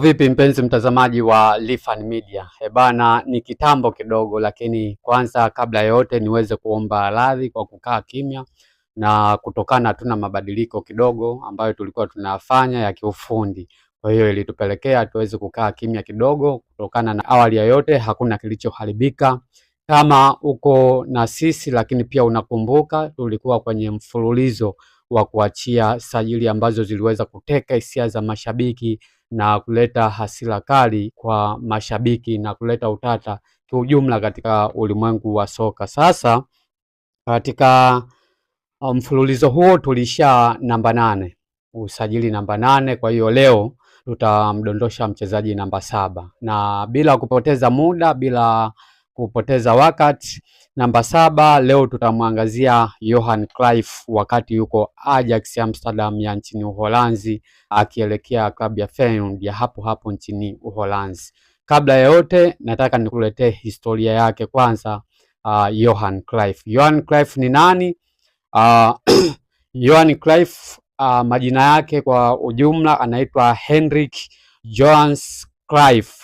Vipi mpenzi mtazamaji wa Lifan Media. E bana, ni kitambo kidogo, lakini kwanza kabla ya yote niweze kuomba radhi kwa kukaa kimya na kutokana, tuna mabadiliko kidogo ambayo tulikuwa tunafanya ya kiufundi, kwa hiyo ilitupelekea tuweze kukaa kimya kidogo. Kutokana na awali ya yote, hakuna kilichoharibika. Kama uko na sisi, lakini pia unakumbuka tulikuwa kwenye mfululizo wa kuachia sajili ambazo ziliweza kuteka hisia za mashabiki na kuleta hasira kali kwa mashabiki na kuleta utata kiujumla katika ulimwengu wa soka. Sasa katika um, mfululizo huo tulisha namba nane usajili namba nane. Kwa hiyo leo tutamdondosha mchezaji namba saba, na bila kupoteza muda, bila kupoteza wakati Namba saba, leo tutamwangazia Johan Cruyff wakati yuko Ajax Amsterdam ya nchini Uholanzi akielekea klabu ya Feyenoord ya hapo hapo nchini Uholanzi. Kabla ya yote, nataka nikuletee historia yake kwanza. Uh, Johan Cruyff. Johan Cruyff ni nani? Uh, Johan Cruyff uh, majina yake kwa ujumla anaitwa Henrik Johans Cruyff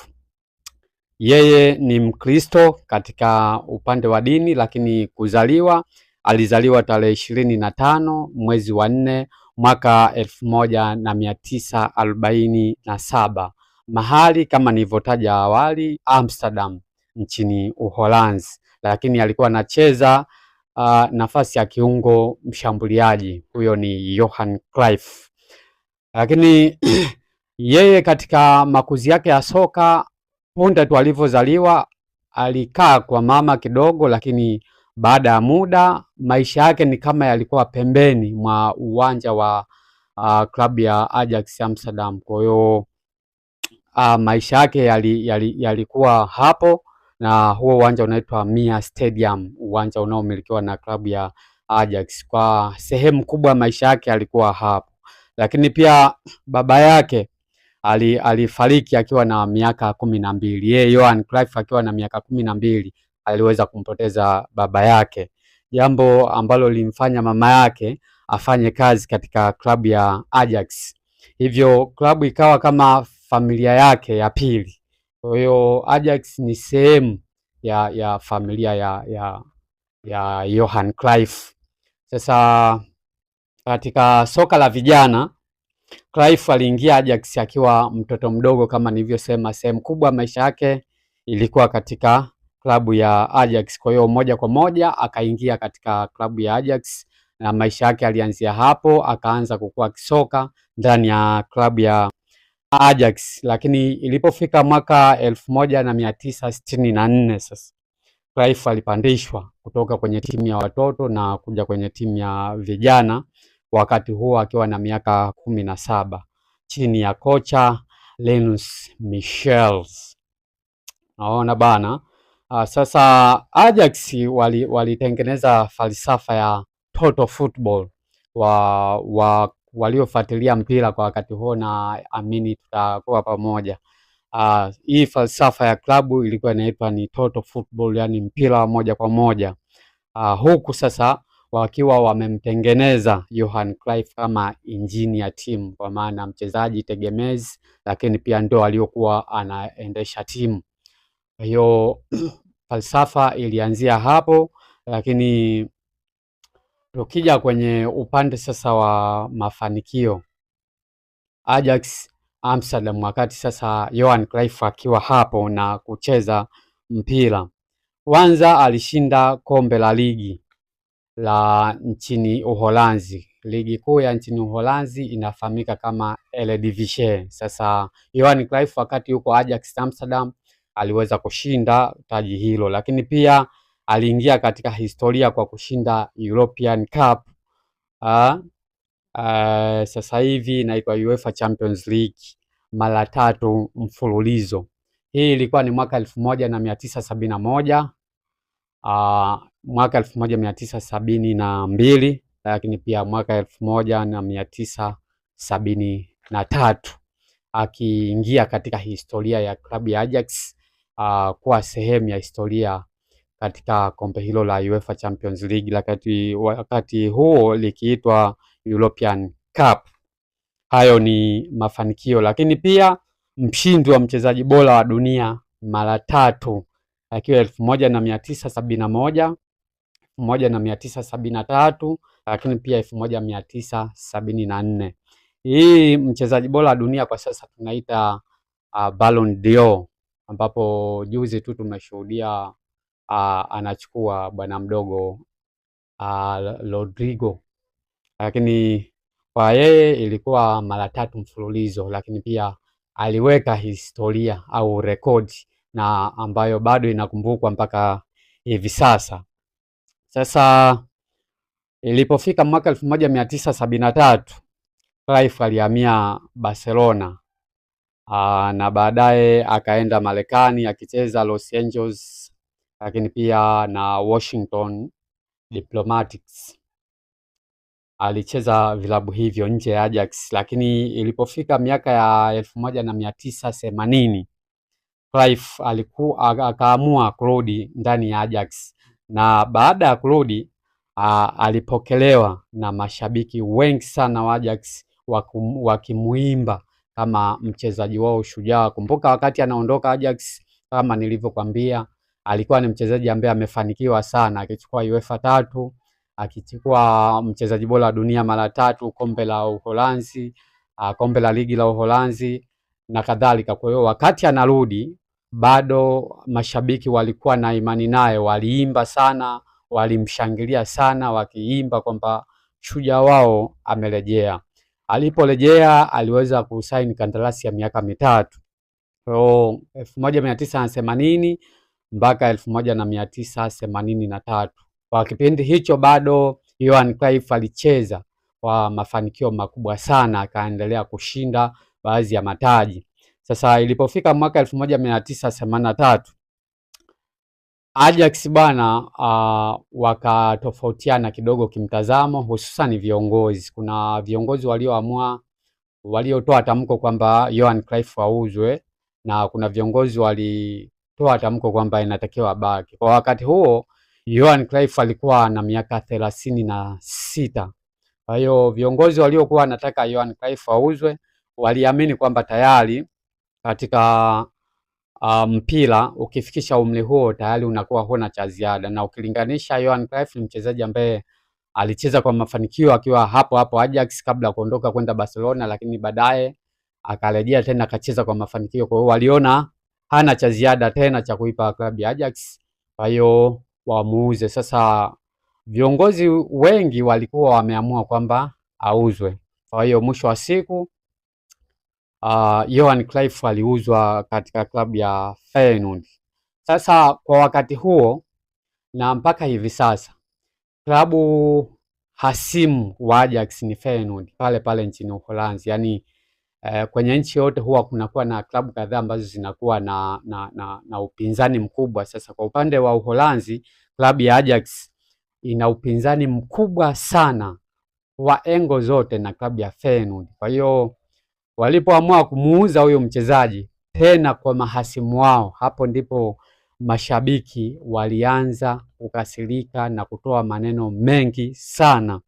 yeye ni Mkristo katika upande wa dini, lakini kuzaliwa alizaliwa tarehe ishirini na tano mwezi wa nne mwaka elfu moja na mia tisa arobaini na saba mahali kama nilivyotaja awali Amsterdam nchini Uholanzi, lakini alikuwa anacheza uh, nafasi ya kiungo mshambuliaji. Huyo ni Johan Cruyff. Lakini yeye katika makuzi yake ya soka Punde tu alivyozaliwa alikaa kwa mama kidogo, lakini baada ya muda maisha yake ni kama yalikuwa pembeni mwa uwanja wa uh, klabu ya Ajax Amsterdam. Kwa hiyo uh, maisha yake yalikuwa yali, yali hapo, na huo uwanja unaitwa Mia Stadium, uwanja unaomilikiwa na klabu ya Ajax. Kwa sehemu kubwa maisha yake yalikuwa hapo, lakini pia baba yake alifariki akiwa na miaka kumi na mbili. Yeye Johan Cruyff akiwa na miaka kumi na mbili aliweza kumpoteza baba yake, jambo ambalo lilimfanya mama yake afanye kazi katika klabu ya Ajax. Hivyo klabu ikawa kama familia yake ya pili. Kwa hiyo Ajax ni sehemu ya, ya familia ya, ya, ya Johan Cruyff. Sasa katika soka la vijana Clive aliingia Ajax akiwa mtoto mdogo, kama nilivyosema, sehemu kubwa maisha yake ilikuwa katika klabu ya Ajax. Kwa hiyo moja kwa moja akaingia katika klabu ya Ajax na maisha yake alianzia hapo, akaanza kukua kisoka ndani ya klabu ya Ajax, lakini ilipofika mwaka elfu moja na mia tisa sitini na nne sasa Clive alipandishwa kutoka kwenye timu ya watoto na kuja kwenye timu ya vijana wakati huo akiwa na miaka kumi na saba chini ya kocha Linus Michels. Naona bana. Uh, sasa Ajax walitengeneza wali falsafa ya total football wa, wa waliofuatilia mpira kwa wakati huo, na amini tutakuwa pamoja. Uh, hii falsafa ya klabu ilikuwa inaitwa ni total football, yani mpira wa moja kwa moja. Uh, huku sasa wakiwa wamemtengeneza Johan Cruyff kama injini ya timu, kwa maana mchezaji tegemezi, lakini pia ndo aliyokuwa anaendesha timu. Kwa hiyo falsafa ilianzia hapo, lakini tukija kwenye upande sasa wa mafanikio Ajax Amsterdam, wakati sasa Johan Cruyff akiwa hapo na kucheza mpira, kwanza alishinda kombe la ligi la nchini Uholanzi. Ligi kuu ya nchini Uholanzi inafahamika kama Eredivisie. Sasa Johan Cruyff wakati yuko Ajax Amsterdam aliweza kushinda taji hilo, lakini pia aliingia katika historia kwa kushinda European Cup. Uh, uh, sasa hivi inaitwa UEFA Champions League mara tatu mfululizo. Hii ilikuwa ni mwaka elfu moja na mia tisa sabini na moja. Uh, mwaka elfu moja mia tisa sabini na mbili lakini pia mwaka elfu moja na mia tisa sabini na tatu akiingia katika historia ya klabu ya Ajax uh, kuwa sehemu ya historia katika kombe hilo la UEFA Champions League wakati, wakati huo likiitwa European Cup. Hayo ni mafanikio, lakini pia mshindi wa mchezaji bora wa dunia mara tatu akiwa elfu moja na mia tisa sabini na moja elfu moja na mia tisa sabini na tatu lakini pia elfu moja mia tisa sabini na nne Hii mchezaji bora wa dunia kwa sasa tunaita uh, Ballon d'Or ambapo juzi tu tumeshuhudia uh, anachukua bwana mdogo uh, Rodrigo, lakini kwa yeye ilikuwa mara tatu mfululizo, lakini pia aliweka historia au rekodi na ambayo bado inakumbukwa mpaka hivi sasa. Sasa ilipofika mwaka elfu moja mia tisa sabini na tatu Cruyff alihamia Barcelona aa, ah, na baadaye akaenda Marekani akicheza Los Angeles, lakini pia na Washington Diplomatics alicheza vilabu hivyo nje ya Ajax, lakini ilipofika miaka ya elfu moja na mia tisa themanini Cruyff alikuwa akaamua kurudi ndani ya Ajax na baada ya kurudi alipokelewa na mashabiki wengi sana wa Ajax wakimuimba kama mchezaji wao shujaa. Kumbuka wakati anaondoka Ajax, kama nilivyokwambia, alikuwa ni mchezaji ambaye amefanikiwa sana, akichukua UEFA tatu, akichukua mchezaji bora wa dunia mara tatu, kombe la Uholanzi, kombe la ligi la Uholanzi na kadhalika. Kwa hiyo wakati anarudi bado mashabiki walikuwa na imani naye, waliimba sana, walimshangilia sana, wakiimba kwamba shujaa wao amerejea. Aliporejea aliweza kusaini kandarasi ya miaka mitatu so, elfu moja mia tisa na themanini mpaka elfu moja na mia tisa themanini na tatu. Kwa kipindi hicho bado Johan Cruyff alicheza kwa mafanikio makubwa sana, akaendelea kushinda baadhi ya mataji sasa ilipofika mwaka 1983 Ajax bana, uh, ah, wakatofautiana kidogo kimtazamo, hususan viongozi. Kuna viongozi walioamua waliotoa tamko kwamba Johan Cruyff auzwe na kuna viongozi walitoa tamko kwamba inatakiwa baki. Kwa wakati huo Johan Cruyff alikuwa na miaka thelathini na sita. Kwa hiyo viongozi waliokuwa wanataka Johan Cruyff auzwe waliamini kwamba tayari katika ah, mpira um, ukifikisha umri huo tayari unakuwa huna cha ziada, na ukilinganisha Johan Cruyff ni mchezaji ambaye alicheza kwa mafanikio akiwa hapo hapo Ajax kabla ya kuondoka kwenda Barcelona, lakini baadaye akarejea tena akacheza kwa mafanikio. Kwa hiyo waliona hana cha ziada tena cha kuipa klabu ya Ajax, kwa hiyo wamuuze. Sasa viongozi wengi walikuwa wameamua kwamba auzwe, kwa hiyo mwisho wa siku uh, Johan Cruyff aliuzwa katika klabu ya Feyenoord. Sasa kwa wakati huo na mpaka hivi sasa klabu hasimu wa Ajax ni Feyenoord pale pale nchini Uholanzi. Yaani eh, kwenye nchi yote huwa kunakuwa na klabu kadhaa ambazo zinakuwa na, na, na, na upinzani mkubwa. Sasa kwa upande wa Uholanzi klabu ya Ajax ina upinzani mkubwa sana wa engo zote na klabu ya Feyenoord. Kwa hiyo walipoamua kumuuza huyo mchezaji tena kwa mahasimu wao, hapo ndipo mashabiki walianza kukasirika na kutoa maneno mengi sana.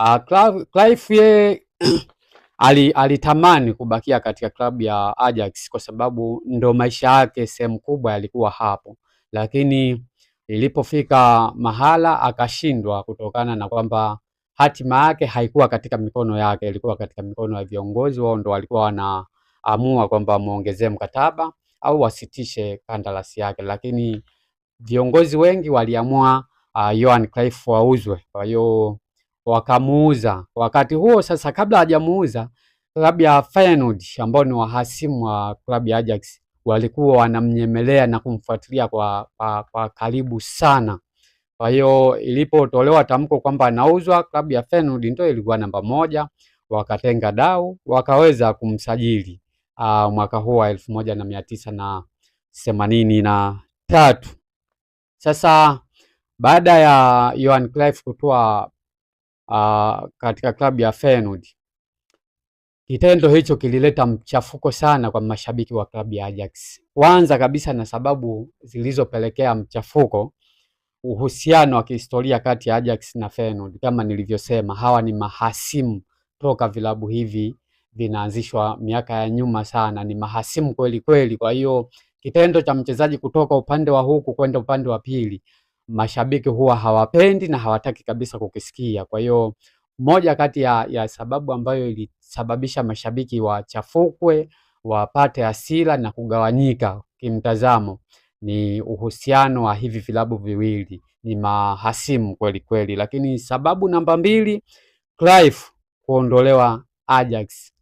Uh, Clive yeye ali, alitamani kubakia katika klabu ya Ajax kwa sababu ndo maisha yake sehemu kubwa yalikuwa hapo, lakini ilipofika mahala akashindwa kutokana na kwamba hatima yake haikuwa katika mikono yake, ilikuwa katika mikono ya viongozi. Wao ndo walikuwa wanaamua kwamba muongezee mkataba au wasitishe kandarasi yake, lakini viongozi wengi waliamua uh, Johan Cruyff wauzwe. Kwa hiyo wakamuuza wakati huo. Sasa kabla hajamuuza, klabu ya Feyenoord ambao ni wahasimu wa klabu ya Ajax walikuwa wanamnyemelea na kumfuatilia kwa, kwa, kwa karibu sana. Kwa hiyo ilipotolewa tamko kwamba anauzwa, klabu ya Feyenoord ndio ilikuwa namba moja, wakatenga dau wakaweza kumsajili uh, mwaka huu wa elfu moja na mia tisa na themanini na tatu. Sasa baada ya Johan Cruyff kutoa uh, ah, katika klabu ya Feyenoord, kitendo hicho kilileta mchafuko sana kwa mashabiki wa klabu ya Ajax. Kwanza kabisa na sababu zilizopelekea mchafuko uhusiano wa kihistoria kati ya Ajax na Feyenoord. Kama nilivyosema, hawa ni mahasimu toka vilabu hivi vinaanzishwa miaka ya nyuma sana, ni mahasimu kweli kweli. Kwa hiyo kitendo cha mchezaji kutoka upande wa huku kwenda upande wa pili, mashabiki huwa hawapendi na hawataki kabisa kukisikia. Kwa hiyo moja kati ya, ya sababu ambayo ilisababisha mashabiki wachafukwe, wapate hasira na kugawanyika kimtazamo ni uhusiano wa hivi vilabu viwili, ni mahasimu kweli kweli. Lakini sababu namba mbili, Clive kuondolewa Ajax.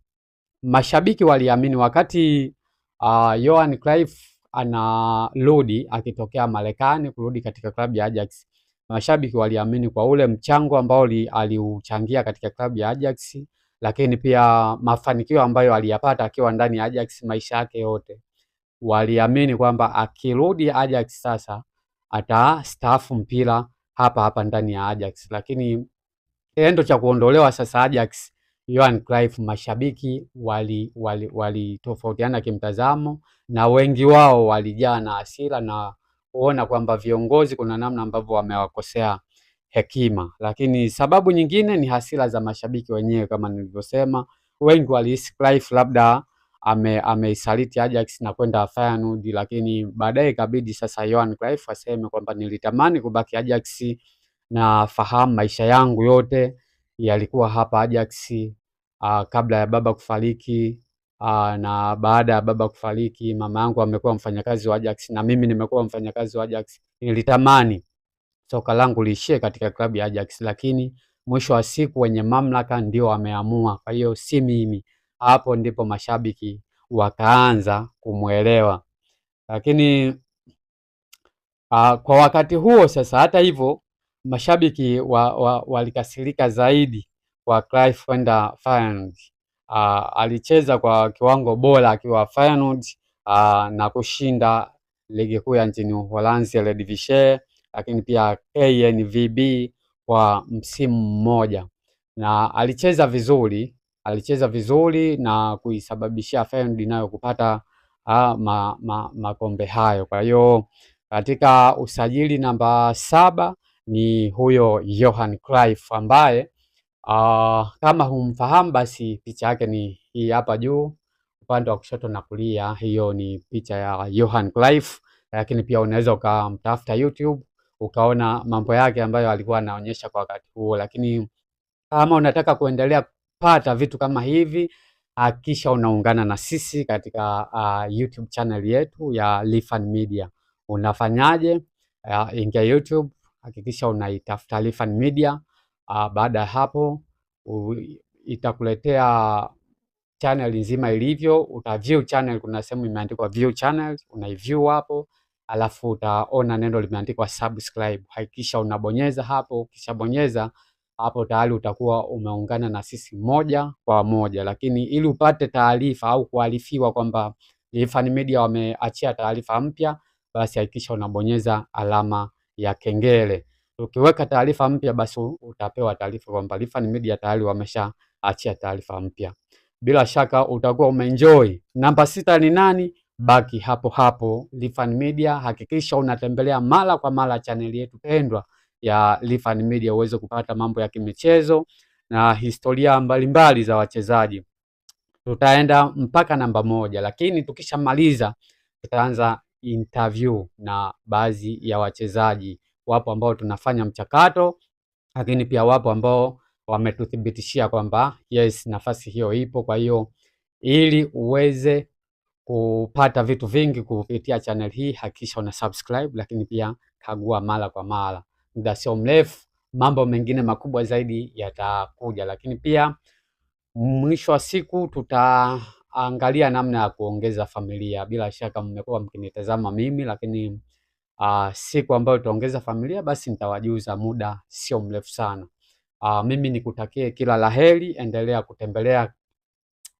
Mashabiki waliamini wakati uh, Johan Clive anarudi akitokea Marekani kurudi katika klabu ya Ajax, mashabiki waliamini kwa ule mchango ambao aliuchangia katika klabu ya Ajax, lakini pia mafanikio ambayo aliyapata akiwa ndani ya Ajax maisha yake yote waliamini kwamba akirudi Ajax sasa atastaafu mpira hapa hapa ndani ya Ajax, lakini kitendo cha kuondolewa sasa Ajax Johan Cruyff, mashabiki walitofautiana wali, wali kimtazamo na wengi wao walijaa na hasira na kuona kwamba viongozi kuna namna ambavyo wamewakosea hekima. Lakini sababu nyingine ni hasira za mashabiki wenyewe, kama nilivyosema, wengi walihisi Cruyff labda ame ameisaliti Ajax na kwenda Feyenoord, lakini baadaye ikabidi sasa Johan Cruyff aseme kwamba nilitamani kubaki Ajax na fahamu maisha yangu yote yalikuwa hapa Ajax, uh, kabla ya baba kufariki uh, na baada ya baba kufariki, mama yangu amekuwa mfanyakazi wa Ajax na mimi nimekuwa mfanyakazi wa Ajax. Nilitamani soka langu liishie katika klabu ya Ajax, lakini mwisho wa siku wenye mamlaka ndio wameamua, kwa hiyo si mimi hapo ndipo mashabiki wakaanza kumwelewa, lakini uh, kwa wakati huo sasa, hata hivyo mashabiki wa, wa, walikasirika zaidi kwa Clive kwenda Feyenoord. Uh, ah, alicheza kwa kiwango bora akiwa Feyenoord uh, ah, na kushinda ligi kuu ya nchini Uholanzi Eredivisie, lakini pia KNVB kwa msimu mmoja, na alicheza vizuri alicheza vizuri na kuisababishia Feyenoord nayo kupata ah, ma, ma, makombe hayo. Kwa hiyo katika usajili namba saba ni huyo Johan Cruyff ambaye Uh, kama humfahamu basi picha yake ni hii hapa juu upande wa kushoto na kulia, hiyo ni picha ya Johan Cruyff, lakini pia unaweza ukamtafuta YouTube ukaona mambo yake ambayo alikuwa anaonyesha kwa wakati huo. Lakini kama unataka kuendelea kupata vitu kama hivi hakikisha unaungana na sisi katika uh, YouTube channel yetu ya Lifan Media. Unafanyaje? Uh, ingia YouTube, hakikisha unaitafuta Lifan Media. Uh, baada ya hapo uh, itakuletea channel nzima ilivyo, uta view channel. Kuna sehemu imeandikwa view channel, unaiview hapo, alafu utaona neno limeandikwa subscribe. Hakikisha unabonyeza hapo, ukishabonyeza hapo tayari utakuwa umeungana na sisi moja kwa moja, lakini ili upate taarifa au kuarifiwa kwamba Lifan Media wameachia taarifa mpya, basi hakikisha unabonyeza alama ya kengele. Ukiweka taarifa mpya, basi utapewa taarifa kwamba Lifan Media tayari wameshaachia taarifa mpya. Bila shaka utakuwa umeenjoy. Namba sita ni nani? Baki hapo hapo Lifan Media, hakikisha unatembelea mara kwa mara chaneli yetu pendwa ya Lifan Media uweze kupata mambo ya kimichezo na historia mbalimbali za wachezaji. Tutaenda mpaka namba moja, lakini tukishamaliza tutaanza interview na baadhi ya wachezaji. Wapo ambao tunafanya mchakato, lakini pia wapo ambao wametuthibitishia kwamba yes, nafasi hiyo ipo. Kwa hiyo ili uweze kupata vitu vingi kupitia channel hii, hakikisha una subscribe, lakini pia kagua mara kwa mara muda sio mrefu mambo mengine makubwa zaidi yatakuja, lakini pia mwisho wa siku tutaangalia namna ya kuongeza familia. Bila shaka mmekuwa mkinitazama mimi, lakini uh, siku ambayo tutaongeza familia basi nitawajuza muda sio mrefu sana. Uh, mimi nikutakie kila laheri, endelea kutembelea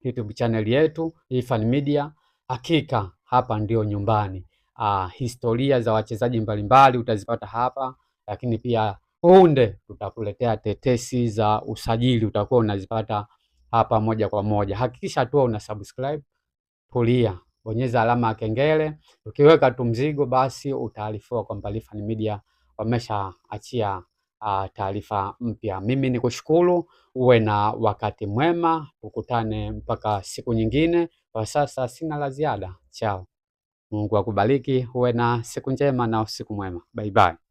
YouTube channel yetu Ifan Media. Hakika hapa ndio nyumbani. Uh, historia za wachezaji mbalimbali utazipata hapa lakini pia punde tutakuletea tetesi za usajili, utakuwa unazipata hapa moja kwa moja. Hakikisha tu una subscribe, tulia, bonyeza alama ya kengele. Ukiweka tu mzigo, basi utaarifiwa kwamba Rifani Media wameshaachia uh, taarifa mpya. Mimi ni kushukuru, uwe na wakati mwema, ukutane mpaka siku nyingine. Kwa sasa sina la ziada, chao. Mungu akubariki, uwe na siku njema na usiku mwema, bye bye.